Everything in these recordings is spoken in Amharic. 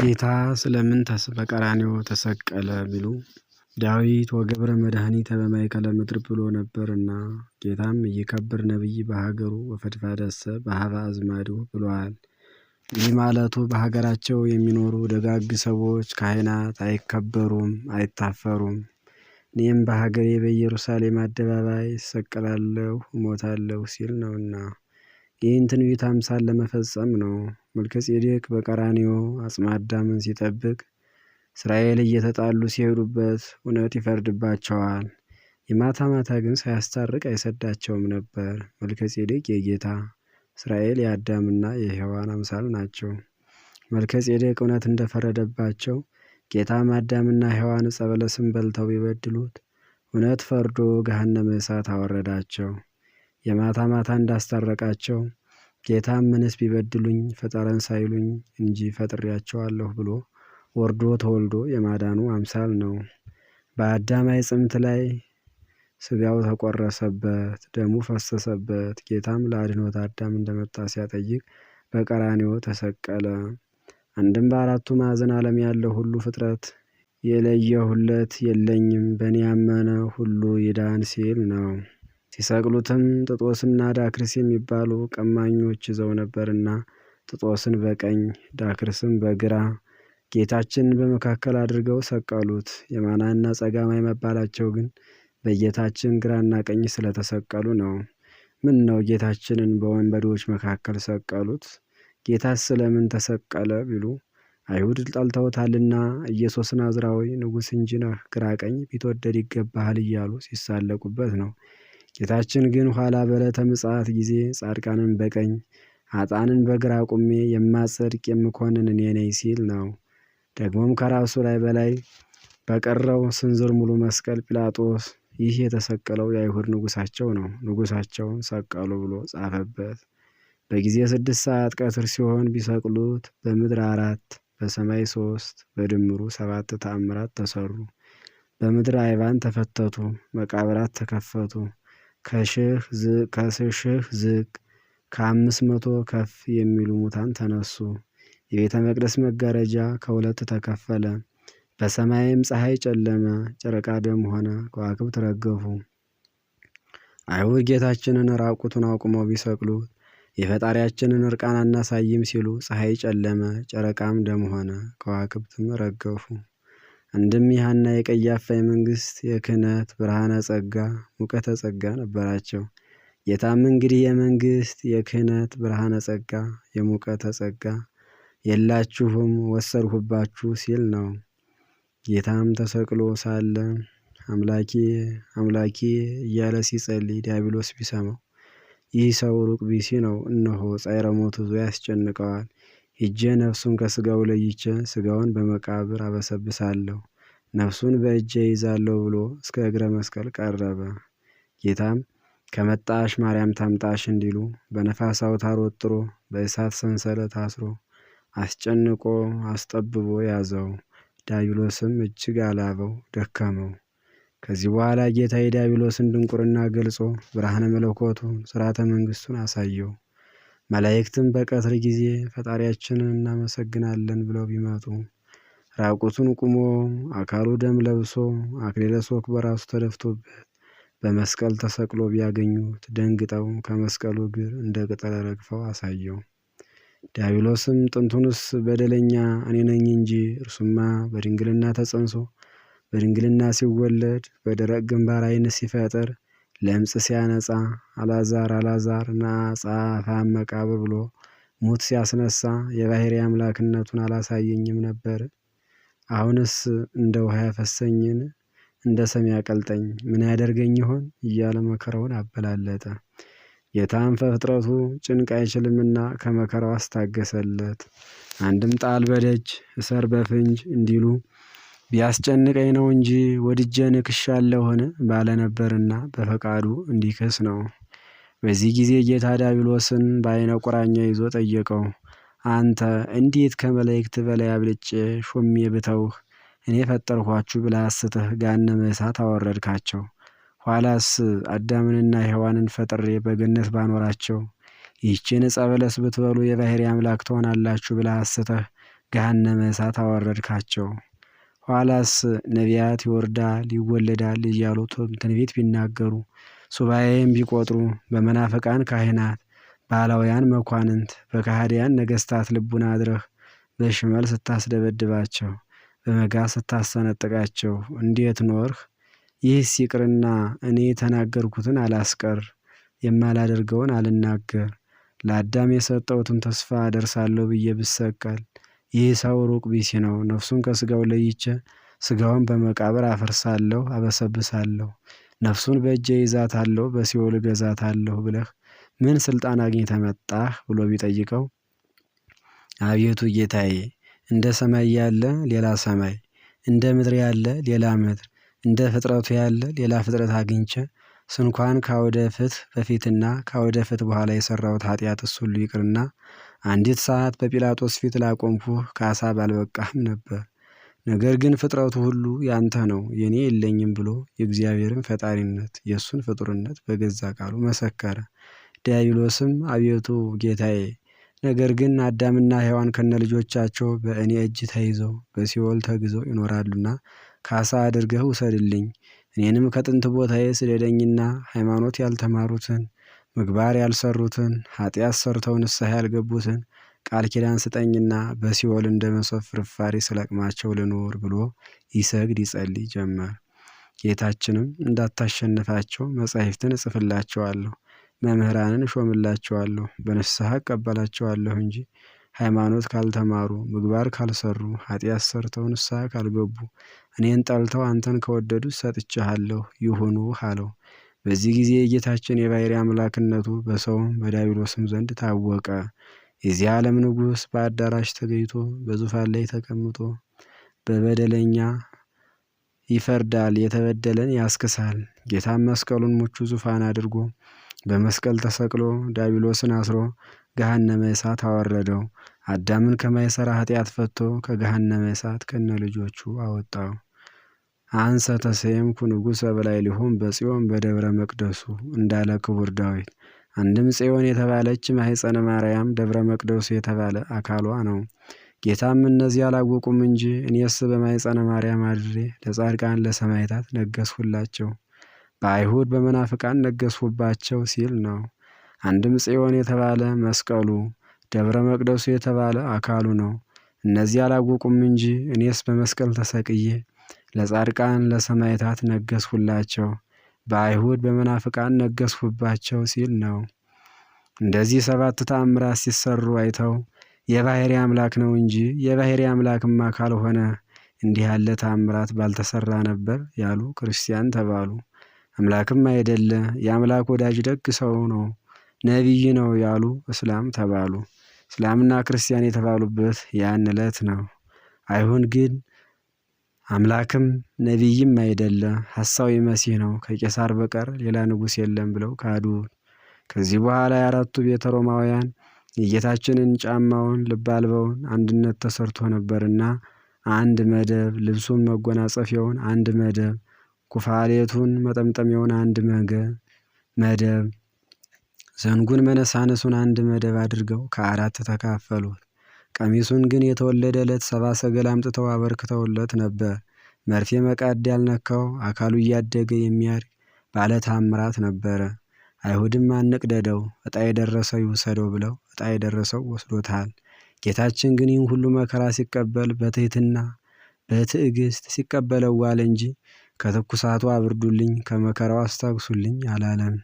ጌታ ስለምን በቀራኔው ተሰቀለ ቢሉ ዳዊት ወገብረ መድኃኒተ በማእከለ ምድር ብሎ ነበርና ጌታም እይከብር ነቢይ በሀገሩ ወፈድፋደሰ በሀበ አዝማዱ ብሏል። ይህ ማለቱ በሀገራቸው የሚኖሩ ደጋግ ሰዎች ካህናት አይከበሩም፣ አይታፈሩም። እኔም በሀገሬ በኢየሩሳሌም አደባባይ እሰቀላለሁ፣ እሞታለሁ ሲል ነውና ይህን ትንቢት አምሳል ለመፈጸም ነው። መልከጼዴቅ በቀራንዮ አጽመ አዳምን ሲጠብቅ እስራኤል እየተጣሉ ሲሄዱበት እውነት ይፈርድባቸዋል። የማታ ማታ ግን ሳያስታርቅ አይሰዳቸውም ነበር። መልከጼዴቅ የጌታ እስራኤል የአዳምና የሔዋን አምሳል ናቸው። መልከጼዴቅ እውነት እንደፈረደባቸው ጌታም አዳምና ሔዋን ዕፀ በለስን በልተው ቢበድሉት እውነት ፈርዶ ገሃነመ እሳት አወረዳቸው። የማታ ማታ እንዳስታረቃቸው ጌታም ምንስ ቢበድሉኝ ፍጠረን ሳይሉኝ እንጂ ፈጥሬያቸዋለሁ ብሎ ወርዶ ተወልዶ የማዳኑ አምሳል ነው። በአዳማይ ጽምት ላይ ስጋው ተቆረሰበት፣ ደሙ ፈሰሰበት። ጌታም ለአድኖት አዳም እንደመጣ ሲያጠይቅ በቀራኒዎ ተሰቀለ። አንድም በአራቱ ማዕዘን ዓለም ያለው ሁሉ ፍጥረት የለየሁለት የለኝም በእኔ ያመነ ሁሉ ይዳን ሲል ነው። ሲሰቅሉትም ጥጦስና ዳክርስ የሚባሉ ቀማኞች ይዘው ነበርና ጥጦስን በቀኝ ዳክርስም በግራ ጌታችን በመካከል አድርገው ሰቀሉት። የማናና ጸጋማ የመባላቸው ግን በጌታችን ግራና ቀኝ ስለተሰቀሉ ነው። ምን ነው ጌታችንን በወንበዶች መካከል ሰቀሉት? ጌታስ ስለምን ተሰቀለ ቢሉ አይሁድ ጠልተውታልና ኢየሱስ ናዝራዊ ንጉሥ እንጂ ነህ፣ ግራ ቀኝ ቢትወደድ ይገባሃል እያሉ ሲሳለቁበት ነው። ጌታችን ግን ኋላ በዕለተ ምጽአት ጊዜ ጻድቃንን በቀኝ አጣንን በግራ ቁሜ የማጸድቅ የምኮንን እኔ ነኝ ሲል ነው። ደግሞም ከራሱ ላይ በላይ በቀረው ስንዝር ሙሉ መስቀል ጲላጦስ ይህ የተሰቀለው የአይሁድ ንጉሳቸው ነው፣ ንጉሳቸውን ሰቀሉ ብሎ ጻፈበት። በጊዜ ስድስት ሰዓት ቀትር ሲሆን ቢሰቅሉት በምድር አራት በሰማይ ሶስት በድምሩ ሰባት ተአምራት ተሰሩ። በምድር አይባን ተፈተቱ፣ መቃብራት ተከፈቱ። ከሺህ ከሺህ ዝቅ ከአምስት መቶ ከፍ የሚሉ ሙታን ተነሱ። የቤተ መቅደስ መጋረጃ ከሁለት ተከፈለ። በሰማይም ፀሐይ ጨለመ፣ ጨረቃ ደም ሆነ፣ ከዋክብት ረገፉ። አይሁድ ጌታችንን ራቁቱን አቁመው ቢሰቅሉት የፈጣሪያችንን እርቃን አናሳይም ሲሉ ፀሐይ ጨለመ፣ ጨረቃም ደም ሆነ፣ ከዋክብትም ረገፉ። እንድም የሐና የቀያፋ የመንግስት የክህነት ብርሃነ ጸጋ ሙቀተ ጸጋ ነበራቸው። ጌታም እንግዲህ የመንግሥት የክህነት ብርሃነ ጸጋ የሙቀተ ጸጋ የላችሁም ወሰድሁባችሁ ሲል ነው። ጌታም ተሰቅሎ ሳለ አምላኬ አምላኬ እያለ ሲጸልይ ዲያብሎስ ቢሰማው ይህ ሰው ሩቅ ቢሲ ነው፣ እነሆ ጻይረ ሞቱ ያስጨንቀዋል። ሄጄ ነፍሱን ከስጋው ለይቼ ስጋውን በመቃብር አበሰብሳለሁ ነፍሱን በእጄ ይዛለሁ ብሎ እስከ እግረ መስቀል ቀረበ። ጌታም ከመጣሽ ማርያም ታምጣሽ እንዲሉ በነፋስ አውታር ወጥሮ በእሳት ሰንሰለት አስሮ አስጨንቆ አስጠብቦ ያዘው። ዳቢሎስም እጅግ አላበው፣ ደከመው። ከዚህ በኋላ ጌታ የዳቢሎስን ድንቁርና ገልጾ ብርሃነ መለኮቱን ስርዓተ መንግስቱን አሳየው። መላእክትም በቀትር ጊዜ ፈጣሪያችንን እናመሰግናለን ብለው ቢመጡ ራቁቱን ቁሞ አካሉ ደም ለብሶ አክሊለ ሦክ በራሱ ተደፍቶበት በመስቀል ተሰቅሎ ቢያገኙት ደንግጠው ከመስቀሉ እግር እንደ ቅጠል ረግፈው አሳየው። ዲያብሎስም ጥንቱንስ በደለኛ እኔ ነኝ እንጂ እርሱማ በድንግልና ተጸንሶ በድንግልና ሲወለድ በደረቅ ግንባር ዓይን ሲፈጥር ለምጽ ሲያነጻ አላዛር አላዛር ና ጸአፈ መቃብር ብሎ ሙት ሲያስነሳ የባህሪ አምላክነቱን አላሳየኝም ነበር። አሁንስ እንደ ውሃ ያፈሰኝን እንደ ሰም ያቀልጠኝ ምን ያደርገኝ ይሆን እያለ መከራውን አበላለጠ። ጌታም ፈፍጥረቱ ጭንቅ አይችልምና ከመከራው አስታገሰለት። አንድም ጣል በደጅ እሰር በፍንጅ እንዲሉ ቢያስጨንቀኝ ነው እንጂ ወድጄ ንክሻለሁን ባለ ነበርና በፈቃዱ እንዲክስ ነው። በዚህ ጊዜ ጌታ ዲያብሎስን በአይነ ቁራኛ ይዞ ጠየቀው። አንተ እንዴት ከመላእክት በላይ አብልጬ ሾሜ ብተውህ እኔ ፈጠርኋችሁ ብለህ አስተህ ገሃነመ እሳት አወረድካቸው። ኋላስ አዳምንና ሔዋንን ፈጥሬ በገነት ባኖራቸው ይህችን ዕፀ በለስ ብትበሉ የባሕርይ አምላክ ትሆናላችሁ ብለህ አስተህ ገሃነመ እሳት አወረድካቸው። ኋላስ ነቢያት ይወርዳል ይወለዳል እያሉ ትንቢት ቢናገሩ ሱባኤም ቢቆጥሩ በመናፈቃን ካህናት ባህላውያን መኳንንት በካህዲያን ነገስታት ልቡን አድረህ በሽመል ስታስደበድባቸው በመጋ ስታሰነጥቃቸው እንዴት ኖርህ? ይህ ሲቅርና እኔ የተናገርኩትን አላስቀር የማላደርገውን አልናገር ለአዳም የሰጠውትን ተስፋ አደርሳለሁ ብዬ ብሰቀል ይህ ሰው ሩቅ ቢሲ ነው ነፍሱን ከስጋው ለይቼ ስጋውን በመቃብር አፈርሳለሁ አበሰብሳለሁ ነፍሱን በእጄ እይዛታለሁ በሲኦል እገዛታለሁ ብለህ ምን ስልጣን አግኝ መጣህ ብሎ ቢጠይቀው? አቤቱ ጌታዬ እንደ ሰማይ ያለ ሌላ ሰማይ እንደ ምድር ያለ ሌላ ምድር እንደ ፍጥረቱ ያለ ሌላ ፍጥረት አግኝቼ ስንኳን ከአውደ ፍትህ በፊትና ከአውደ ፍትህ በኋላ የሰራሁት ኃጢአት እሱ ሁሉ ይቅርና አንዲት ሰዓት በጲላጦስ ፊት ላቆምኩህ ካሳ ባልበቃህም ነበር። ነገር ግን ፍጥረቱ ሁሉ ያንተ ነው የኔ የለኝም ብሎ የእግዚአብሔርን ፈጣሪነት የእሱን ፍጡርነት በገዛ ቃሉ መሰከረ። ዲያብሎስም አቤቱ ጌታዬ ነገር ግን አዳምና ሔዋን ከነልጆቻቸው በእኔ እጅ ተይዘው በሲኦል ተግዘው ይኖራሉና ካሳ አድርገህ ውሰድልኝ እኔንም ከጥንት ቦታዬ ስደደኝና ሃይማኖት ያልተማሩትን ምግባር ያልሰሩትን ኃጢአት ሰርተው ንስሐ ያልገቡትን ቃል ኪዳን ስጠኝና በሲኦል እንደ መሶብ ፍርፋሪ ስለቅማቸው ልኖር ብሎ ይሰግድ ይጸልይ ጀመር። ጌታችንም እንዳታሸንፋቸው መጻሕፍትን እጽፍላቸዋለሁ መምህራንን እሾምላቸዋለሁ በንስሐ እቀበላቸዋለሁ እንጂ ሃይማኖት ካልተማሩ ምግባር ካልሰሩ ኃጢአት ሰርተው ንስሐ ካልገቡ እኔን ጠልተው አንተን ከወደዱ ሰጥቼሃለሁ ይሁኑህ አለው። በዚህ ጊዜ የጌታችን የባሕርይ አምላክነቱ በሰው በዲያብሎስም ዘንድ ታወቀ። የዚህ ዓለም ንጉሥ በአዳራሽ ተገኝቶ በዙፋን ላይ ተቀምጦ በበደለኛ ይፈርዳል፣ የተበደለን ያስክሳል። ጌታም መስቀሉን ምቹ ዙፋን አድርጎ በመስቀል ተሰቅሎ ዲያብሎስን አስሮ ገሃነመ እሳት አወረደው። አዳምን ከማይሰራ ኃጢአት ፈቶ ከገሃነመ እሳት ከነ ልጆቹ አወጣው። አንሰ ተሰየምኩ ንጉሠ ሊሆን በጽዮን በደብረ መቅደሱ እንዳለ ክቡር ዳዊት። አንድም ጽዮን የተባለች ማኅፀነ ማርያም ደብረ መቅደሱ የተባለ አካሏ ነው። ጌታም እነዚህ አላወቁም እንጂ እኔስ በማኅፀነ ማርያም አድሬ ለጻድቃን ለሰማዕታት ነገስሁላቸው፣ በአይሁድ በመናፍቃን ነገስሁባቸው ሲል ነው። አንድም ጽዮን የተባለ መስቀሉ ደብረ መቅደሱ የተባለ አካሉ ነው። እነዚህ አላወቁም እንጂ እኔስ በመስቀል ተሰቅዬ ለጻድቃን ለሰማዕታት ነገስሁላቸው በአይሁድ በመናፍቃን ነገስሁባቸው ሲል ነው። እንደዚህ ሰባት ተአምራት ሲሰሩ አይተው የባህሪ አምላክ ነው እንጂ የባህሪ አምላክማ ካልሆነ እንዲህ ያለ ተአምራት ባልተሰራ ነበር ያሉ ክርስቲያን ተባሉ። አምላክም አይደለ የአምላክ ወዳጅ ደግ ሰው ነው ነቢይ ነው ያሉ እስላም ተባሉ። እስላምና ክርስቲያን የተባሉበት ያን ዕለት ነው። አይሁን ግን አምላክም ነቢይም አይደለ ሀሳዊ መሲህ ነው ከቄሳር በቀር ሌላ ንጉሥ የለም ብለው ካዱ። ከዚህ በኋላ የአራቱ ቤተ ሮማውያን የጌታችንን ጫማውን ልብ አልበውን አንድነት ተሰርቶ ነበርና አንድ መደብ፣ ልብሱን መጎናጸፊያውን አንድ መደብ፣ ኩፋሌቱን መጠምጠሚያውን አንድ መደብ፣ ዘንጉን መነሳነሱን አንድ መደብ አድርገው ከአራት ተካፈሉት። ቀሚሱን ግን የተወለደ ዕለት ሰባ ሰገል አምጥተው አበርክተውለት ነበር። መርፌ መቃድ ያልነካው አካሉ እያደገ የሚያድግ ባለ ታምራት ነበረ። አይሁድም አንቅደደው ዕጣ የደረሰው ይውሰደው ብለው ዕጣ የደረሰው ወስዶታል። ጌታችን ግን ይህን ሁሉ መከራ ሲቀበል በትህትና በትዕግስት ሲቀበለው ዋለ እንጂ ከትኩሳቱ አብርዱልኝ፣ ከመከራው አስታግሱልኝ አላለም።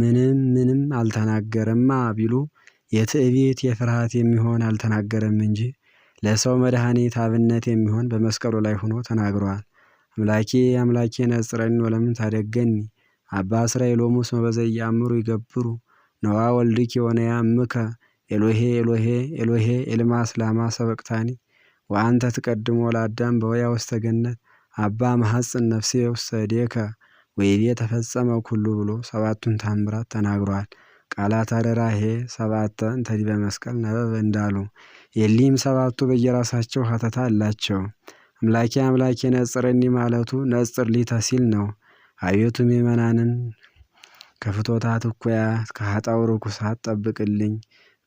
ምንም ምንም አልተናገረማ ቢሉ የትዕቢት የፍርሃት የሚሆን አልተናገረም እንጂ ለሰው መድኃኒት አብነት የሚሆን በመስቀሉ ላይ ሆኖ ተናግሯል። አምላኬ አምላኬ ነጽረኒ ወለምን ታደገኒ አባ እስራኤል ሎሙስ መበዘ ያምሩ ይገብሩ ነዋ ወልድኪ የሆነ ያምከ ኤሎሄ ኤሎሄ ኤሎሄ ኤልማ ስላማ ሰበቅታኒ ወአንተ ትቀድሞ ለአዳም በወያ ውስተ ገነት አባ መሐፅን ነፍሴ ውስተ ወይቤ ተፈጸመ ኩሉ ብሎ ሰባቱን ታምራት ተናግሯል። ቃላት ሄ ሰባተ እንተዲበ መስቀል ነበብ እንዳሉ የሊም ሰባቱ በየራሳቸው ሀተታ አላቸው። አምላኬ አምላኬ ነጽርኒ ማለቱ ነጽር ሊተ ሲል ነው። አቤቱ ምእመናንን ከፍቶታት እኩያት ከሀጣው ርኩሳት ጠብቅልኝ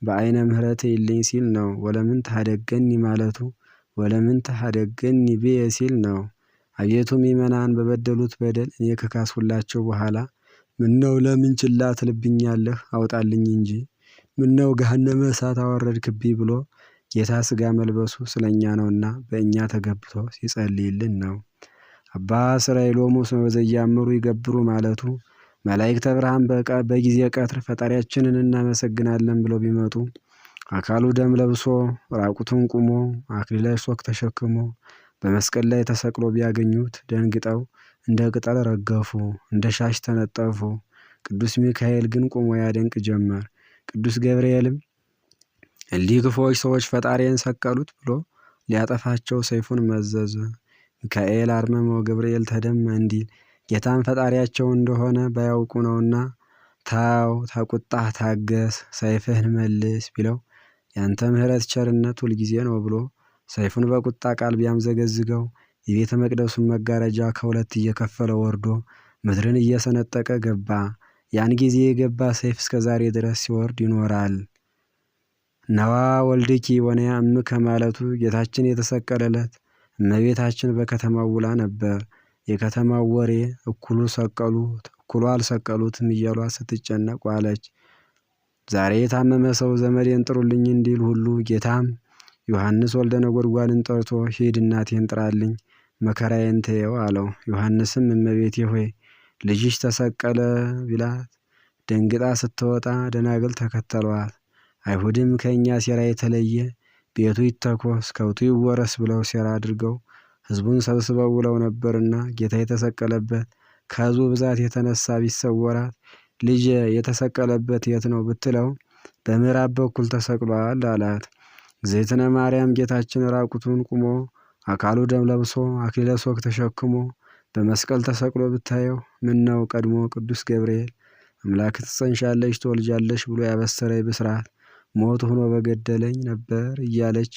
በአይነ ምህረት ይልኝ ሲል ነው። ወለምን ታደገኒ ማለቱ ወለምን ታደገኒ ብየ ሲል ነው። አቤቱ ምእመናን በበደሉት በደል እኔ ከካስሁላቸው በኋላ ምነው ለምን ችላ ትልብኛለህ አውጣልኝ እንጂ ምነው ገሃነመ እሳት አወረድክብኝ ብሎ ጌታ ስጋ መልበሱ እኛ ነውና በእኛ ተገብቶ ሲጸልይልን ነው። አባ ስራይ ሎሙ ስመ ይገብሩ ማለቱ መላእክተ ብርሃን በጊዜ ቀትር ፈጣሪያችንን እናመሰግናለን ብለው ቢመጡ አካሉ ደም ለብሶ ራቁቱን ቁሞ አክሊለ ሶክ ተሸክሞ በመስቀል ላይ ተሰቅሎ ቢያገኙት ደንግጠው እንደ ቅጠል ረገፉ እንደ ሻሽ ተነጠፉ። ቅዱስ ሚካኤል ግን ቆሞ ያደንቅ ጀመር። ቅዱስ ገብርኤልም እንዲህ ክፉዎች ሰዎች ፈጣሪን ሰቀሉት ብሎ ሊያጠፋቸው ሰይፉን መዘዘ። ሚካኤል አርመመው ገብርኤል ተደመ እንዲል ጌታም ፈጣሪያቸው እንደሆነ ባያውቁ ነውና ታው ተቁጣህ ታገስ ሰይፍህን መልስ ቢለው ያንተ ምሕረት ቸርነት ሁልጊዜ ነው ብሎ ሰይፉን በቁጣ ቃል ቢያምዘገዝገው የቤተ መቅደሱን መጋረጃ ከሁለት እየከፈለ ወርዶ ምድርን እየሰነጠቀ ገባ። ያን ጊዜ የገባ ሰይፍ እስከ ዛሬ ድረስ ሲወርድ ይኖራል። ነዋ ወልድኪ እም ከማለቱ ጌታችን የተሰቀለለት እመቤታችን በከተማው ውላ ነበር። የከተማው ወሬ እኩሉ ሰቀሉት፣ እኩሉ አልሰቀሉትም እያሏ ስትጨነቁ ዋለች። ዛሬ የታመመ ሰው ዘመዴን ጥሩልኝ እንዲል ሁሉ ጌታም ዮሐንስ ወልደ ነጎድጓድን ጠርቶ ሂድ እናቴን ጥራልኝ መከራዬን ተየው አለው። ዮሐንስም እመቤቴ ሆይ ልጅሽ ተሰቀለ ቢላት ደንግጣ ስትወጣ ደናግል ተከተሏት። አይሁድም ከእኛ ሴራ የተለየ ቤቱ ይተኮስ ከብቱ ይወረስ ብለው ሴራ አድርገው ሕዝቡን ሰብስበው ውለው ነበርና ጌታ የተሰቀለበት ከሕዝቡ ብዛት የተነሳ ቢሰወራት ልጅ የተሰቀለበት የት ነው ብትለው በምዕራብ በኩል ተሰቅሏል አላት። ዘይትነ ማርያም ጌታችን ራቁቱን ቁሞ አካሉ ደም ለብሶ አክሊለ ሦክ ተሸክሞ በመስቀል ተሰቅሎ ብታየው ነው ቀድሞ ቅዱስ ገብርኤል አምላክ ትጸንሻለሽ ትወልጃለሽ ብሎ ያበሰረኝ ብስራት ሞት ሆኖ በገደለኝ ነበር እያለች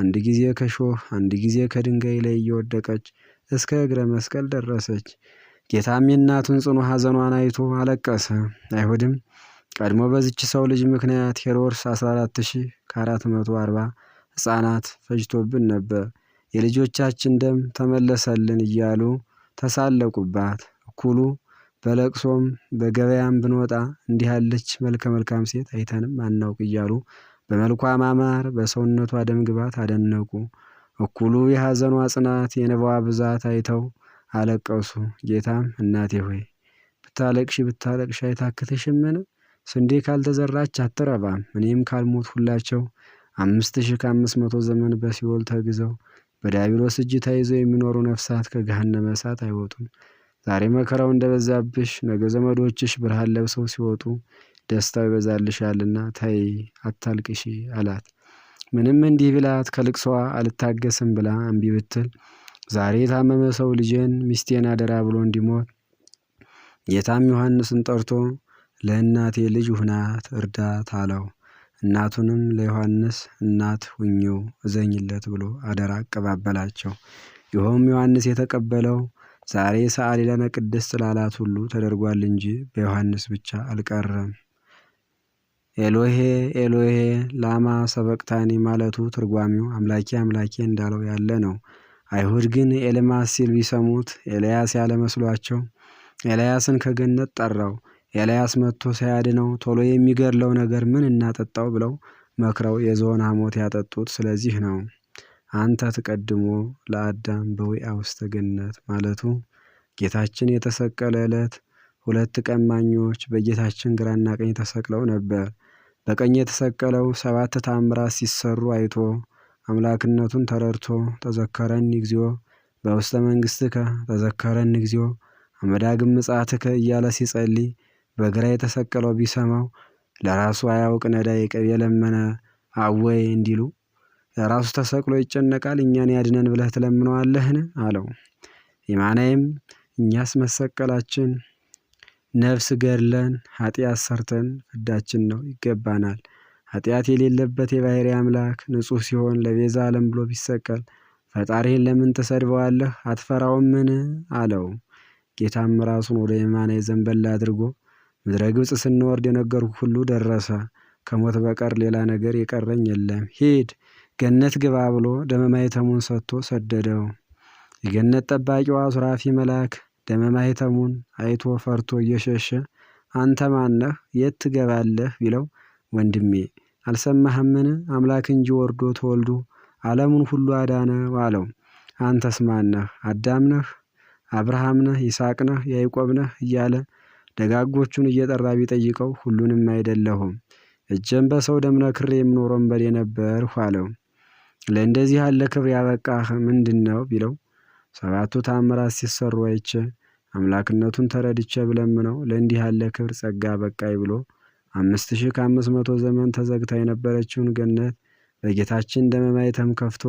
አንድ ጊዜ ከሾህ አንድ ጊዜ ከድንጋይ ላይ እየወደቀች እስከ እግረ መስቀል ደረሰች። ጌታም የእናቱን ጽኑ ሐዘኗን አይቶ አለቀሰ። አይሁድም ቀድሞ በዚች ሰው ልጅ ምክንያት ሄሮድስ 14440 ሕፃናት ፈጅቶብን ነበር የልጆቻችን ደም ተመለሰልን እያሉ ተሳለቁባት። እኩሉ በለቅሶም በገበያም ብንወጣ እንዲህ ያለች መልከ መልካም ሴት አይተንም አናውቅ እያሉ በመልኳ ማማር በሰውነቷ ደም ግባት አደነቁ። እኩሉ የሐዘኗ ጽናት የነባዋ ብዛት አይተው አለቀሱ። ጌታም እናቴ ሆይ ብታለቅሺ ብታለቅሺ አይታክትሽምን? ስንዴ ካልተዘራች አትረባም። እኔም ካልሞት ሁላቸው አምስት ሺህ ከአምስት መቶ ዘመን በሲኦል ተግዘው በዲያብሎስ እጅ ተይዘው የሚኖሩ ነፍሳት ከገሃነመ እሳት አይወጡም። ዛሬ መከራው እንደበዛብሽ ነገ ዘመዶችሽ ብርሃን ለብሰው ሲወጡ ደስታው ይበዛልሻልና ተይ አታልቅሺ አላት። ምንም እንዲህ ብላት ከልቅሷ አልታገስም ብላ እምቢ ብትል ዛሬ የታመመ ሰው ልጄን ሚስቴን አደራ ብሎ እንዲሞት ጌታም ዮሐንስን ጠርቶ ለእናቴ ልጅ ሁናት እርዳት አለው። እናቱንም ለዮሐንስ እናት ሁኚው እዘኝለት ብሎ አደራ አቀባበላቸው። ይኸውም ዮሐንስ የተቀበለው ዛሬ ሰዓሊ ለነ ቅድስት ላላት ሁሉ ተደርጓል እንጂ በዮሐንስ ብቻ አልቀረም። ኤሎሄ ኤሎሄ ላማ ሰበቅታኒ ማለቱ ትርጓሚው አምላኬ አምላኬ እንዳለው ያለ ነው። አይሁድ ግን ኤልማስ ሲል ቢሰሙት ኤልያስ ያለመስሏቸው ኤልያስን ከገነት ጠራው። ኤልያስ መጥቶ ሳያድነው ቶሎ የሚገድለው ነገር ምን እናጠጣው ብለው መክረው የዞን ሐሞት ያጠጡት ስለዚህ ነው። አንተ ትቀድሞ ለአዳም በዊአ ውስተ ገነት ማለቱ ጌታችን የተሰቀለ ዕለት ሁለት ቀማኞች በጌታችን ግራና ቀኝ ተሰቅለው ነበር። በቀኝ የተሰቀለው ሰባት ታምራት ሲሰሩ አይቶ አምላክነቱን ተረድቶ ተዘከረን እግዚኦ በውስተ መንግሥትከ ተዘከረን እግዚኦ አመዳግም ምጽአትከ እያለ ሲጸልይ በግራ የተሰቀለው ቢሰማው ለራሱ አያውቅ ነዳ የቀብ የለመነ አወይ እንዲሉ ለራሱ ተሰቅሎ ይጨነቃል እኛን ያድነን ብለህ ትለምነዋለህን አለው። የማናይም እኛስ መሰቀላችን ነፍስ ገድለን ኃጢአት ሰርተን ፍዳችን ነው ይገባናል። ኃጢአት የሌለበት የባህሪ አምላክ ንጹህ ሲሆን ለቤዛ ዓለም ብሎ ቢሰቀል ፈጣሪህን ለምን ትሰድበዋለህ አትፈራውምን? አለው። ጌታም ራሱን ወደ የማናይ ዘንበል አድርጎ ምድረ ግብፅ ስንወርድ የነገርኩ ሁሉ ደረሰ። ከሞት በቀር ሌላ ነገር የቀረኝ የለም። ሂድ ገነት ግባ ብሎ ደመ ማኅተሙን ሰጥቶ ሰደደው። የገነት ጠባቂዋ ሱራፊ መልአክ ደመ ማኅተሙን አይቶ ፈርቶ እየሸሸ አንተ ማነህ? የት ትገባለህ? ቢለው ወንድሜ አልሰማህምን? አምላክ እንጂ ወርዶ ተወልዶ ዓለሙን ሁሉ አዳነው አለው። አንተስ ማነህ? አዳም ነህ? አብርሃም ነህ? ይስሐቅ ነህ? ያዕቆብ ነህ? እያለ ደጋጎቹን እየጠራ ቢጠይቀው ሁሉንም አይደለሁም እጀም በሰው ደም ነክሬ የምኖር ወንበዴ ነበርሁ አለው። ለእንደዚህ ያለ ክብር ያበቃህ ምንድነው? ቢለው ሰባቱ ታምራት ሲሰሩ አይቼ አምላክነቱን ተረድቼ ብለምነው ለእንዲህ ያለ ክብር ጸጋ በቃይ ብሎ አምስት ሺህ ከአምስት መቶ ዘመን ተዘግታ የነበረችውን ገነት በጌታችን ደመ ማኅተም ከፍቶ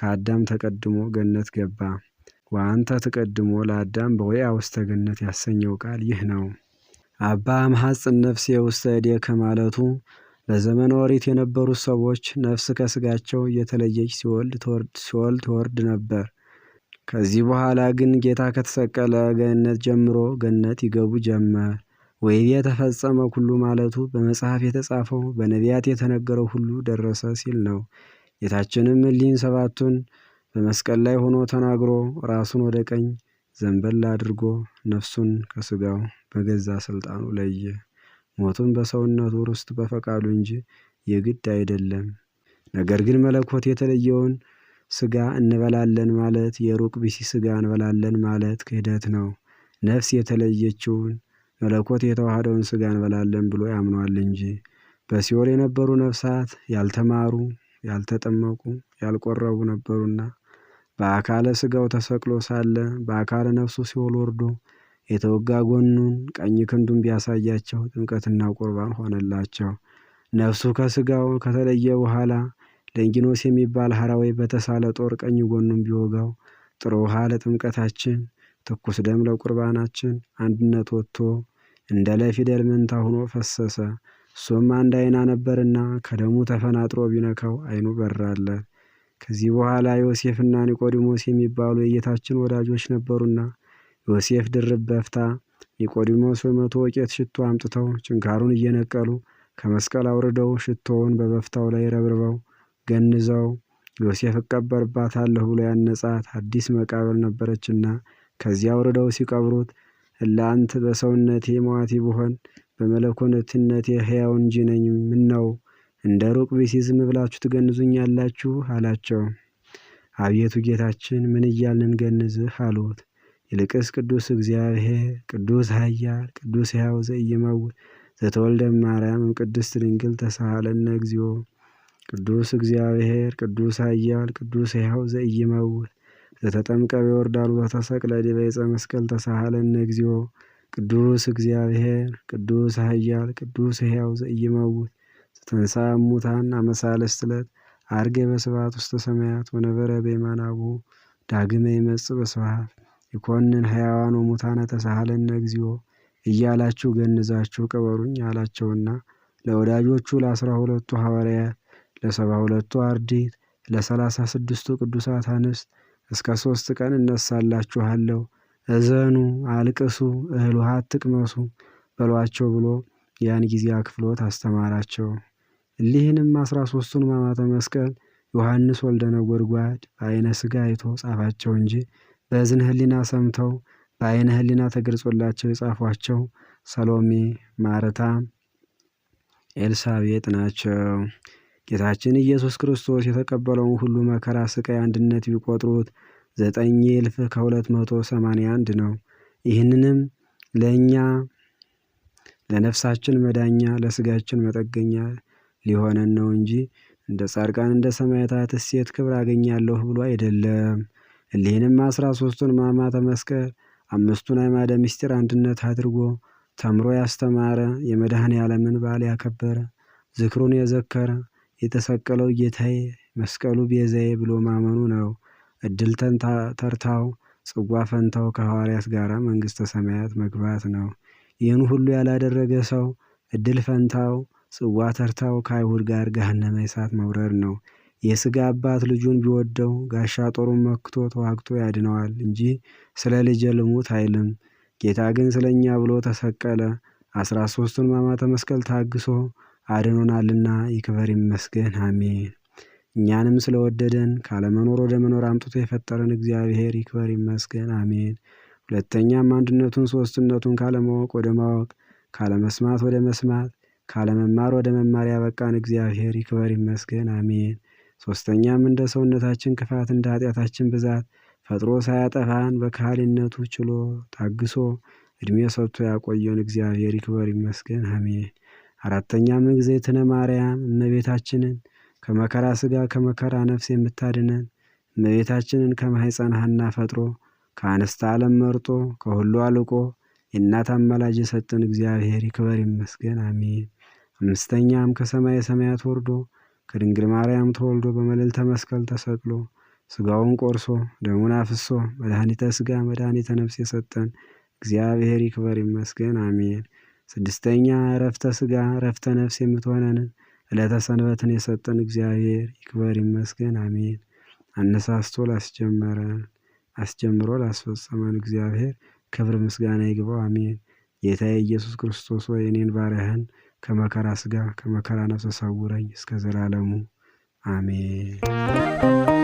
ከአዳም ተቀድሞ ገነት ገባ። ወአንተ ትቀድሞ ለአዳም በወያ ገነት ያሰኘው ቃል ይህ ነው። አባ መሐፅን ነፍሴ ውስተ እዴከ ማለቱ በዘመነ ኦሪት የነበሩት ሰዎች ነፍስ ከስጋቸው እየተለየች ሲወልድ ትወርድ ነበር። ከዚህ በኋላ ግን ጌታ ከተሰቀለ ገነት ጀምሮ ገነት ይገቡ ጀመር። ወይቤ የተፈጸመ ሁሉ ማለቱ በመጽሐፍ የተጻፈው በነቢያት የተነገረው ሁሉ ደረሰ ሲል ነው። ጌታችንም እሊህን ሰባቱን በመስቀል ላይ ሆኖ ተናግሮ ራሱን ወደ ቀኝ ዘንበል አድርጎ ነፍሱን ከስጋው በገዛ ስልጣኑ ለየ። ሞቱን በሰውነቱ ርስት በፈቃዱ እንጂ የግድ አይደለም። ነገር ግን መለኮት የተለየውን ስጋ እንበላለን ማለት የሩቅ ቢሲ ስጋ እንበላለን ማለት ክህደት ነው። ነፍስ የተለየችውን መለኮት የተዋህደውን ስጋ እንበላለን ብሎ ያምኗል እንጂ። በሲኦል የነበሩ ነፍሳት ያልተማሩ፣ ያልተጠመቁ፣ ያልቆረቡ ነበሩና በአካለ ስጋው ተሰቅሎ ሳለ በአካለ ነፍሱ ሲኦል ወርዶ የተወጋ ጎኑን ቀኝ ክንዱን ቢያሳያቸው ጥምቀትና ቁርባን ሆነላቸው። ነፍሱ ከስጋው ከተለየ በኋላ ለንጊኖስ የሚባል ሐራዊ በተሳለ ጦር ቀኝ ጎኑን ቢወጋው ጥሩ ውሃ ለጥምቀታችን፣ ትኩስ ደም ለቁርባናችን አንድነት ወጥቶ እንደ ለፊደል መንታ ሆኖ ፈሰሰ። እሱም አንድ አይና ነበርና ከደሙ ተፈናጥሮ ቢነካው አይኑ በራለት። ከዚህ በኋላ ዮሴፍና ኒቆዲሞስ የሚባሉ የጌታችን ወዳጆች ነበሩና ዮሴፍ ድርብ በፍታ፣ ኒቆዲሞስ በመቶ ወቄት ሽቶ አምጥተው ችንካሩን እየነቀሉ ከመስቀል አውርደው ሽቶውን በበፍታው ላይ ረብርበው ገንዘው ዮሴፍ እቀበርባታለሁ ብሎ ያነጻት አዲስ መቃብር ነበረችና ከዚያ አውርደው ሲቀብሩት ለአንተ በሰውነቴ መዋቲ ብሆን በመለኮትነቴ ሕያው እንጂ ነኝ ምነው እንደ ሩቅ ብእሲ ዝም ብላችሁ ትገንዙኛላችሁ አላቸው። አቤቱ ጌታችን ምን እያልን እንገንዝህ አሉት። ይልቅስ ቅዱስ እግዚአብሔር ቅዱስ ኃያል ቅዱስ ሕያው ዘኢይመውት ዘተወልደ ማርያም ቅድስት ድንግል ተሳሃለነ እግዚኦ። ቅዱስ እግዚአብሔር ቅዱስ ኃያል ቅዱስ ሕያው ዘኢይመውት ዘተጠምቀ በዮርዳኖስ ወተሰቅለ ዲበ ዕፀ መስቀል ተሳሃለነ እግዚኦ። ቅዱስ እግዚአብሔር ቅዱስ ኃያል ቅዱስ ሕያው ዘኢይመውት ትንሳ ሙታን አመሳለስት ዕለት አርጌ በስብሐት ውስተ ሰማያት ወነበረ በየማነ አቡሁ ዳግመ ይመጽእ በስብሐት ይኮንን ሕያዋን ወሙታነ ተሳሃለነ እግዚኦ እያላችሁ ገንዛችሁ ቅበሩኝ አላቸውና ለወዳጆቹ ለአስራ ሁለቱ ሐዋርያት ለሰባ ሁለቱ አርዲት ለሰላሳ ስድስቱ ቅዱሳት አንስት እስከ ሶስት ቀን እነሳላችኋለሁ እዘኑ፣ አልቅሱ፣ እህል ውሃ አትቅመሱ በሏቸው ብሎ ያን ጊዜ አክፍሎት አስተማራቸው። እሊህንም አስራ ሶስቱን ሕማማተ መስቀል ዮሐንስ ወልደ ነጎድጓድ በአይነ ስጋ አይቶ ጻፋቸው እንጂ በዝን ህሊና ሰምተው በአይነ ህሊና ተገልጾላቸው የጻፏቸው ሰሎሜ፣ ማርታ፣ ኤልሳቤጥ ናቸው። ጌታችን ኢየሱስ ክርስቶስ የተቀበለውን ሁሉ መከራ፣ ስቃይ አንድነት ቢቆጥሩት ዘጠኝ እልፍ ከሁለት መቶ ሰማንያ አንድ ነው። ይህንንም ለእኛ ለነፍሳችን መዳኛ ለስጋችን መጠገኛ ሊሆነን ነው እንጂ እንደ ጻድቃን እንደ ሰማዕታት እሴት ክብር አገኛለሁ ብሎ አይደለም። እሊህንም አስራ ሶስቱን ሕማማተ መስቀል አምስቱን አዕማደ ምስጢር አንድነት አድርጎ ተምሮ ያስተማረ የመድኃኔ ያለምን በዓል ያከበረ ዝክሩን የዘከረ የተሰቀለው ጌታዬ መስቀሉ ቤዛዬ ብሎ ማመኑ ነው። ዕድል ተርታው ጽዋ ፈንታው ከሐዋርያት ጋር መንግሥተ ሰማያት መግባት ነው። ይህን ሁሉ ያላደረገ ሰው እድል ፈንታው ጽዋ ተርታው ከአይሁድ ጋር ገሃነመ እሳት መውረድ ነው። የሥጋ አባት ልጁን ቢወደው ጋሻ ጦሩን መክቶ ተዋግቶ ያድነዋል እንጂ ስለ ልጄ ልሙት አይልም። ጌታ ግን ስለ እኛ ብሎ ተሰቀለ። አስራ ሦስቱን ሕማማተ መስቀል ታግሶ አድኖናልና ይክበር ይመስገን፣ አሜን። እኛንም ስለወደደን ካለመኖር ወደ መኖር አምጥቶ የፈጠረን እግዚአብሔር ይክበር ይመስገን፣ አሜን። ሁለተኛም አንድነቱን ሶስትነቱን ካለማወቅ ወደ ማወቅ ካለመስማት ወደ መስማት ካለመማር ወደ መማር ያበቃን እግዚአብሔር ይክበር ይመስገን፣ አሜን። ሶስተኛም እንደ ሰውነታችን ክፋት እንደ ኃጢአታችን ብዛት ፈጥሮ ሳያጠፋን በካህሊነቱ ችሎ ታግሶ እድሜ ሰጥቶ ያቆየን እግዚአብሔር ይክበር ይመስገን፣ አሜን። አራተኛም እግዝእትነ ማርያም እመቤታችንን ከመከራ ስጋ ከመከራ ነፍስ የምታድነን እመቤታችንን ከማህፀን ሐና ፈጥሮ ከአንስተ ዓለም መርጦ ከሁሉ አልቆ የእናት አማላጅ የሰጠን እግዚአብሔር ይክበር ይመስገን፣ አሜን። አምስተኛም ከሰማይ ሰማያት ወርዶ ከድንግል ማርያም ተወልዶ በመልዕልተ መስቀል ተሰቅሎ ስጋውን ቆርሶ ደሙን አፍሶ መድኃኒተ ስጋ መድኃኒተ ነፍስ የሰጠን እግዚአብሔር ይክበር ይመስገን፣ አሜን። ስድስተኛ እረፍተ ስጋ እረፍተ ነፍስ የምትሆነንን ዕለተ ሰንበትን የሰጠን እግዚአብሔር ይክበር ይመስገን፣ አሜን። አነሳስቶ ላስጀመረን አስጀምሮ ላስፈጸመን እግዚአብሔር ክብር ምስጋና ይግባው አሜን። ጌታዬ ኢየሱስ ክርስቶስ ሆይ እኔን ባሪያህን ከመከራ ስጋ ከመከራ ነፍስ ሰውረኝ እስከ ዘላለሙ አሜን።